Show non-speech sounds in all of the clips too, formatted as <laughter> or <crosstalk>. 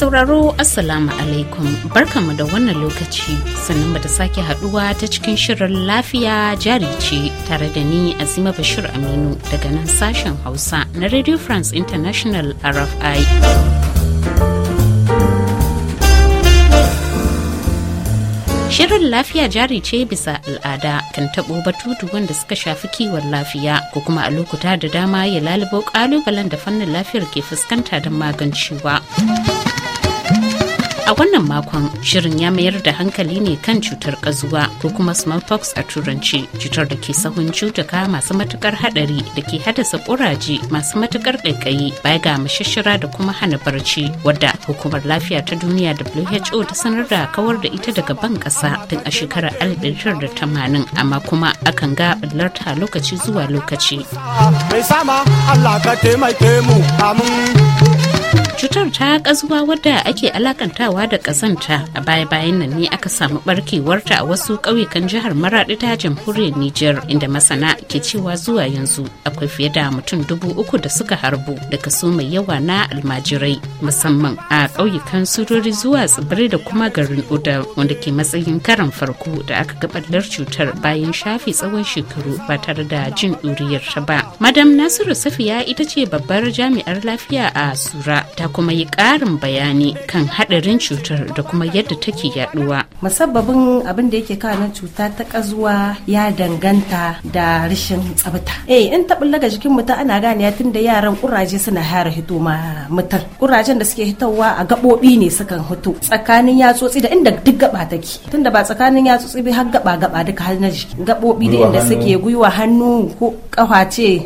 sauraro Assalamu alaikum barkanmu da wannan lokaci sannan bata sake haduwa ta cikin shirin lafiya jari ce tare da ni Azima Bashir Aminu daga nan sashen Hausa na Radio France International RFI. Shirin lafiya jari ce bisa al'ada kan taɓo batutu wanda suka shafi kiwon lafiya ko kuma a lokuta da dama ya lalubo ƙalubalen da fannin lafiyar ke fuskanta don magancewa A wannan makon shirin ya mayar da hankali ne kan cutar kazuwa ko kuma smallpox a turanci cutar da ke sahun cutuka masu matukar hadari da ke haddasa kuraje masu matukar ƙaiƙayi baya ga mashashira da kuma hana barci wadda hukumar lafiya ta duniya WHO ta sanar da kawar da ita daga ban ƙasa tun a shekarar 1980 amma kuma akan ga lokaci lokaci zuwa lokaci. cutar ta kazuwa wadda ake alakantawa da kazanta a baya-bayan nan ne aka samu barkewarta a wasu ƙauyukan jihar maraɗi ta jamhuriyar niger inda masana ke cewa zuwa yanzu akwai fiye da mutum dubu uku da suka harbu da kaso mai yawa na almajirai musamman a ƙauyukan sudori zuwa tsibirai da kuma garin uda wanda ke matsayin karan farko da aka gabatar cutar bayan shafe tsawon shekaru ba tare da jin ɗuriyar ta ba madam nasiru safiya ita ce babbar jami'ar lafiya a sura ta kuma yi ƙarin bayani kan haɗarin cutar da kuma yadda take yaɗuwa. musabbabin abin da yake kawo cuta ta ƙazuwa ya danganta da rashin tsabta eh in ta bullaga jikin mutum ana gane tun da yaran kuraje suna hara hito ma mutum kurajen da suke hitowa a gaɓoɓi ne sukan hito tsakanin yatsotsi da inda duk gaba take tunda ba tsakanin yatsotsi bai har gaba gaba duka har na jiki gaɓoɓi da inda suke gwiwa hannu ko kafa ce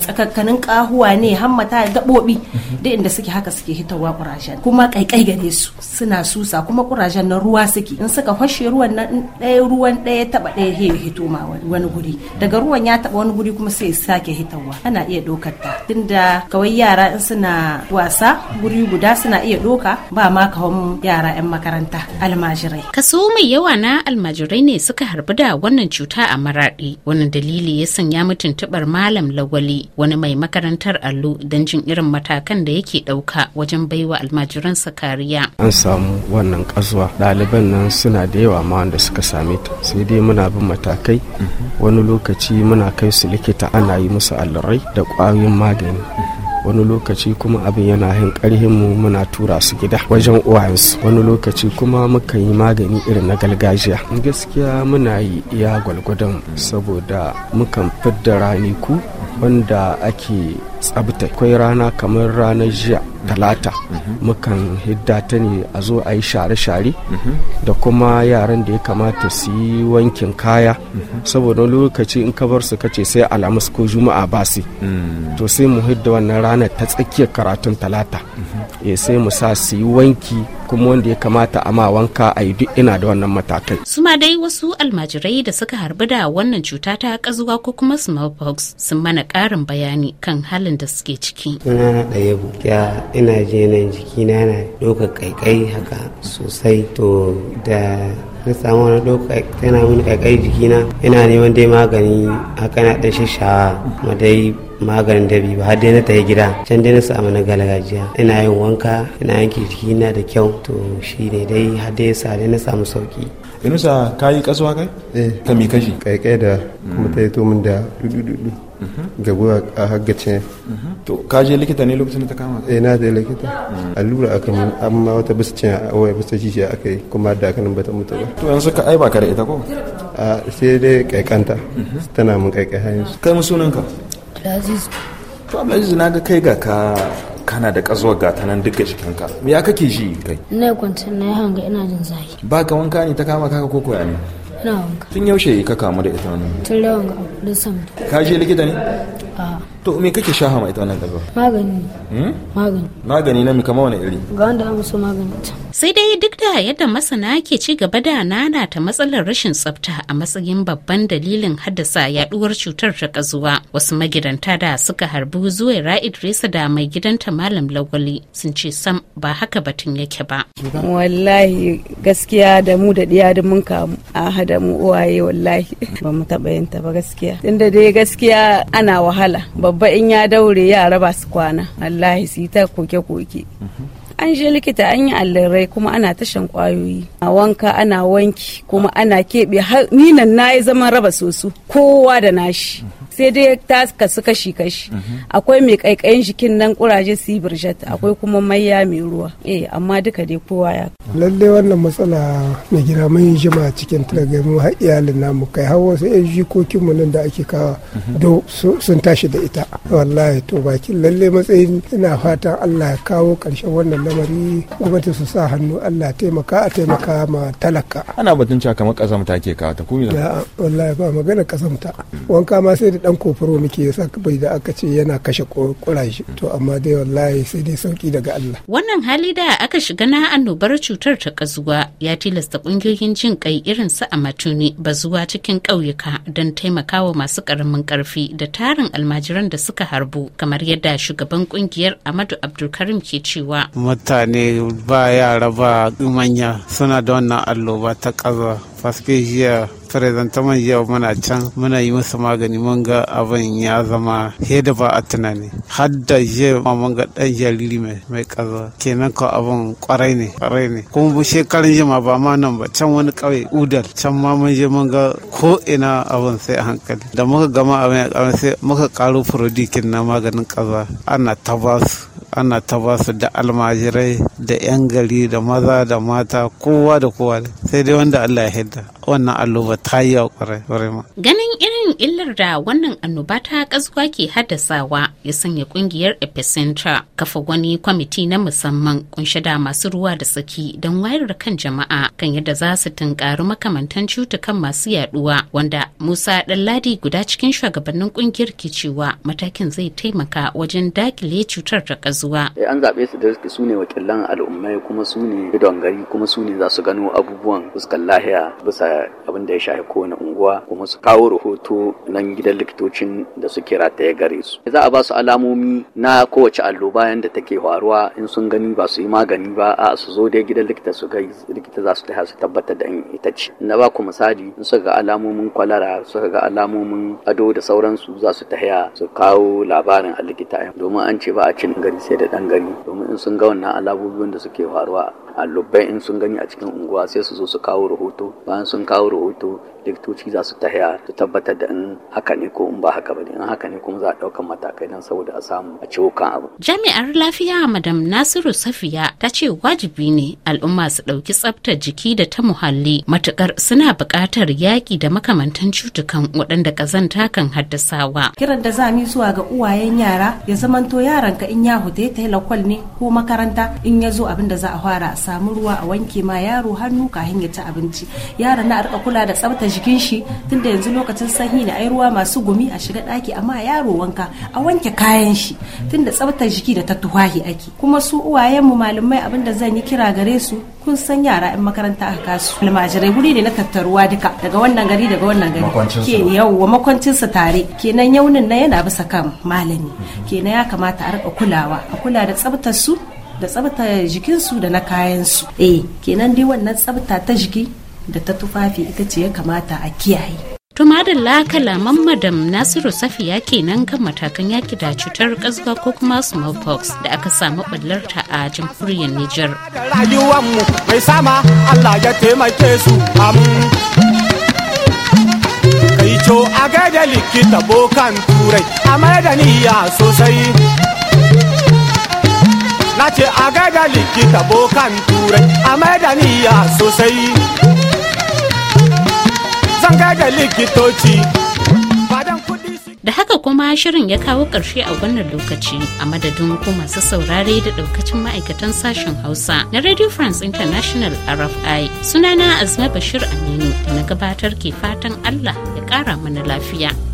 tsakakkanin kahuwa ne hammata gaɓoɓi da inda suke haka suke hitowa ƙurajen kuma ƙaiƙai gare su suna susa kuma ƙurajen na ruwa suke in suka fashe ruwan nan ɗaya ruwan ɗaya taɓa ɗaya he hito ma wani guri daga ruwan ya taɓa wani guri kuma sai sake hitowa ana iya ɗaukar ta tunda kawai yara in suna wasa guri guda suna iya ɗoka ba ma kawan yara 'yan makaranta almajirai. Kaso mai yawa na almajirai ne suka harbi da wannan cuta a maraɗi wannan dalili ya sanya tabar malam lawali wani mai makarantar allo don jin irin matakan da yake ɗauka wajen baiwa almajiransa kariya. An samu wannan kasuwa. ɗaliban nan suna da yawa ma wanda suka same ta sai dai muna bin matakai mhm. wani lokaci muna kai su likita ana yi musu allurai da ƙwayoyin magani. Mhm. wani lokaci kuma abin yana hin karhin mu muna tura su gida wajen uwayensu wani lokaci kuma muka yi magani irin na gargajiya gaskiya muna yi iya gwalgwadon saboda mukan fidda raniku wanda ake tsabta akwai rana kamar ranar jiya talata mhm. mukan hidda ta ne a zo a yi share-share mhm. da kuma yaran da ya kamata su yi wankin kaya mhm. saboda lokaci in ka bar su kace sai alamus ko juma'a ba su mm. to sai mu hidda wannan ranar ta tsakiyar karatun talata eh, sai mu sa su yi wanki kuma wanda ya kamata a ma wanka a yi duk ina da wannan matakai. Suma dai wasu almajirai da suka harbi da wannan cuta ta kazuwa ko kuma smallpox sun mana ƙarin bayani kan halin da suke ciki. Suna ɗaya ya ina je nan jikina yana ɗaukar ƙaiƙai haka sosai to da na samu wani lokaci yana mini kaikai jikina ina neman dai magani haka na ɗan shashawa ma dai maganin da ba har dai na tafi gida can dai na samu na galagajiya ina yin wanka ina yanke jikina da kyau to shi ne dai har dai sa dai na samu sauki inusa ka yi kasuwa kai eh ta mi kashi kaikai da kuma ta yi min da dudu ga gura a haggace mm-hmm. to ka je likita ne lokacin da ta kama eh na je likita mm. allura aka mun amma wata biscin a waya bisa jijiya aka yi kuma da kanin bata mutu ba to yanzu ka ba ka da ita ko a sai dai kaikanta mm-hmm. tana mun kaikai hanyar kai mu sunanka Abdulaziz. To Abdulaziz na ga kai ga ka kana da kazuwar gata nan duka jikinka. ka. ya kake ji kai? Ina kwanci na yi hanga ina jin zafi. Ba ka wanka ne ta kama kaka ko koya ne? Ina wanka. Tun yaushe ka kamu da ita wani. Tun da wanga da sam. Ka je likita ne? A'a. to me kake sha hama ita wannan kalba magani hmm? magani magani na mi kama wani iri ga wanda ba musu magani sai dai duk da yadda masana ke ci gaba da nana ta matsalar rashin tsafta a matsayin babban dalilin haddasa yaduwar cutar ta kazuwa wasu magidanta da suka harbi zuwa ra'id resa da mai gidanta malam lawali sun ce sam ba haka batun yake ba wallahi gaskiya da mu da diya da mun kamu a hada mu uwaye wallahi <laughs> ba mu taba yin ta ba gaskiya inda dai gaskiya ana wahala ba babba in ya daure yara ba su kwana allahi su ta koke-koke an je likita an yi allurai kuma ana tashan kwayoyi a wanka ana wanki kuma ana keɓe ni na yi zaman raba soso kowa da nashi sai dai ta kasu kashi kashi mhm. akwai mai kaikayin jikin nan kuraje su yi akwai kuma maiya mai ruwa eh amma duka dai kowa ya lalle wannan matsala mai gida mun yi jima cikin mu har iyalin namu kai har wasu yan jikokin mu nan da ake kawa mhm. do sun tashi da ita wallahi to bakin lalle matsayin ina fatan Allah ya kawo karshen wannan lamari gwamnati su sa hannu Allah taimaka a taimaka ma talaka ana batun cewa kamar kasamta ke kawo ta kuma wallahi ba magana kasamta wanka ma sai da dan kofaro muke yasa bai da aka ce yana kashe kurashi to amma dai wallahi sai dai sauki daga Allah wannan hali da aka shiga na annobar cutar ta kazuwa ya tilasta kungiyoyin jin kai irin su a matuni ba zuwa cikin ƙauyuka don taimakawa masu karamin karfi da tarin almajiran da suka harbu kamar yadda shugaban kungiyar ahmadu Abdulkarim ke cewa mutane ba yara ba manya suna da wannan alloba ta kaza paske jiya firizantaman jiya muna can muna yi musu magani mun ga abin ya zama da ba a tunani har da jiya ma mun ga dan jariri mai mai kaza kenan ko abin kwarai ne kwarai ne kuma bu shekarun jima ba ma nan ba can wani kawai udal can ma mun je mun ga ko ina abin sai a hankali da muka gama abin ya sai muka karo furodikin na maganin kaza ana ta basu ana ta ba su da almajirai da 'yan gari da maza da mata kowa da kowa sai dai wanda allah ya hidda wannan ta yi a kwarai Ganin irin illar da wannan annoba ta kasuwa ke haddasawa ya sanya kungiyar Epicenter kafa wani kwamiti na musamman kunshe da masu ruwa da tsaki don wayar da kan jama'a kan yadda za su tunkari makamantan cutukan masu yaduwa wanda Musa Ɗanladi guda cikin shugabannin kungiyar ke cewa matakin zai taimaka wajen dakile cutar da kazuwa. Eh, an zaɓe su da su ne wakilan al'ummai kuma su ne gari kuma su ne za su gano abubuwan fuskar lahiya bisa abin da ya shafi kowane unguwa kuma su kawo rahoto nan gidan likitocin da suke rataye gare su za a ba su alamomi na kowace allo bayan da take faruwa in sun gani ba su yi magani ba a su zo dai gidan likita su gai likita za su taya su tabbatar da in ita ce na ba ku misali in suka ga alamomin kwalara suka ga alamomin ado da sauransu za su taya su kawo labarin a likita domin an ce ba a cin gari sai da ɗan gari domin in sun ga wannan alamomin da suke faruwa allubai in sun gani a cikin unguwa sai su zo su kawo rahoto bayan sun kauru itu likitoci za su tahiya ta tabbatar da in haka ne ko in ba haka ba ne in haka ne kuma za a ɗaukan matakai don saboda a samu a ciwo kan abu. jami'ar lafiya madam nasiru safiya ta ce wajibi ne al'umma su ɗauki tsaftar jiki da ta muhalli matukar suna buƙatar yaƙi da makamantan cutukan waɗanda ƙazanta kan haddasawa. kiran da za mu yi zuwa ga uwayen yara ya zamanto ka in ya hude ta lakwal ne ko makaranta in ya zo abin da za a fara a samu ruwa a wanke ma yaro hannu kafin ya ci abinci yaran na a rika kula da tsaftar jikin shi tunda yanzu lokacin sanyi ne ai ruwa masu gumi a shiga daki amma yaro wanka a wanke kayan shi tunda tsabtar jiki da ta tuwahi ake kuma su uwayen mu malamai da zan yi kira gare su kun san yara yan makaranta a kasu almajirai guri ne na tattaruwa duka daga wannan gari daga wannan gari ke yawwa makwancin su tare kenan yaunin na yana bisa kan malami kenan ya kamata a rika kulawa a kula da tsabtar su da tsabta jikinsu da na kayansu eh kenan dai wannan tsabta ta jiki da ta tufafi ita ce ya kamata a kiyaye tuma da lakalaman nasiru safiya kenan kan matakan yaki da cutar kasga ko kuma smallpox da aka samu ballarta a jamhuriyar niger rayuwanmu mai sama allah ya taimake su kai co a gaida likita bokan turai a da niyya sosai na ce a likita bokan turai a da niyya sosai da haka kuma shirin ya kawo ƙarshe a wannan lokaci a madadin ku masu saurare da ɗaukacin ma'aikatan sashen hausa na radio france international rfi sunana azma bashir aminu da na gabatar ke fatan allah ya ƙara mana lafiya